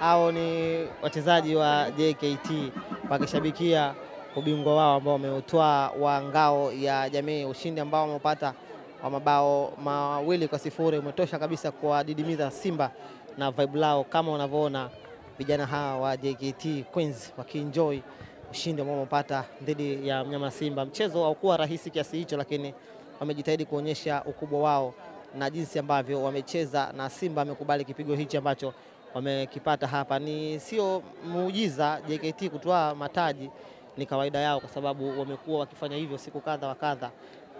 au ni wachezaji wa JKT wakishabikia ubingwa wao ambao wameutwaa wa ngao ya jamii. Ushindi ambao wameupata wa mabao mawili kwa sifuri umetosha kabisa kuwadidimiza Simba na vibe lao, kama unavyoona vijana hawa wa JKT Queens wakienjoy ushindi ambao wamepata dhidi ya mnyama Simba. Mchezo haukuwa rahisi kiasi hicho, lakini wamejitahidi kuonyesha ukubwa wao na jinsi ambavyo wamecheza na Simba amekubali kipigo hichi ambacho wamekipata hapa. Ni sio muujiza JKT kutoa mataji, ni kawaida yao, kwa sababu wamekuwa wakifanya hivyo siku kadha wa kadha,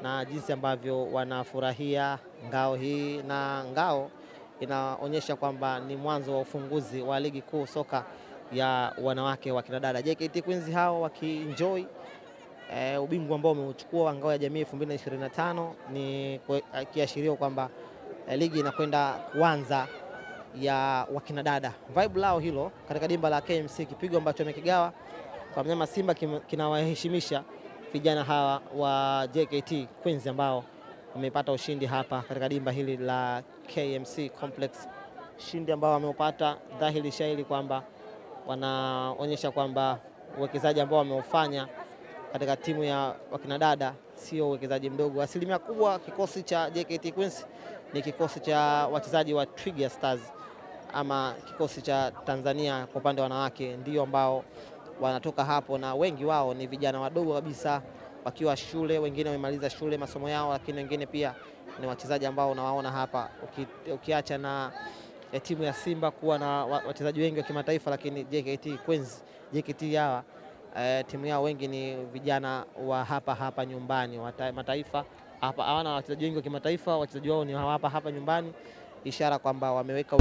na jinsi ambavyo wanafurahia ngao hii na ngao inaonyesha kwamba ni mwanzo wa ufunguzi wa ligi kuu soka ya wanawake wa kinadada. JKT Queens hao wakienjoy e, ubingwa ambao umeuchukua ngao ya jamii 2025 ni eh, kiashirio kwamba e, ligi inakwenda kuanza ya wakina dada. Vibe lao hilo katika dimba la KMC, kipigo ambacho amekigawa kwa mnyama Simba kinawaheshimisha vijana hawa wa JKT Queens ambao wamepata ushindi hapa katika dimba hili la KMC Complex, ushindi ambao wameupata dhahiri shahiri kwamba wanaonyesha kwamba uwekezaji ambao wameufanya katika timu ya wakinadada sio uwekezaji mdogo. Asilimia kubwa kikosi cha JKT Queens ni kikosi cha wachezaji wa Trigger Stars ama kikosi cha Tanzania kwa upande wa wanawake, ndio ambao wanatoka hapo, na wengi wao ni vijana wadogo kabisa, wakiwa shule, wengine wamemaliza shule masomo yao, lakini wengine pia ni wachezaji ambao unawaona hapa, ukiacha na eh, timu ya Simba kuwa na wachezaji wengi wa kimataifa, lakini JKT Queens, JKT hawa eh, timu yao wengi ni vijana wa hapa hapa nyumbani wa mataifa hapa hawana wachezaji wengi wa kimataifa, wachezaji wao ni hapa hapa nyumbani, ishara kwamba wameweka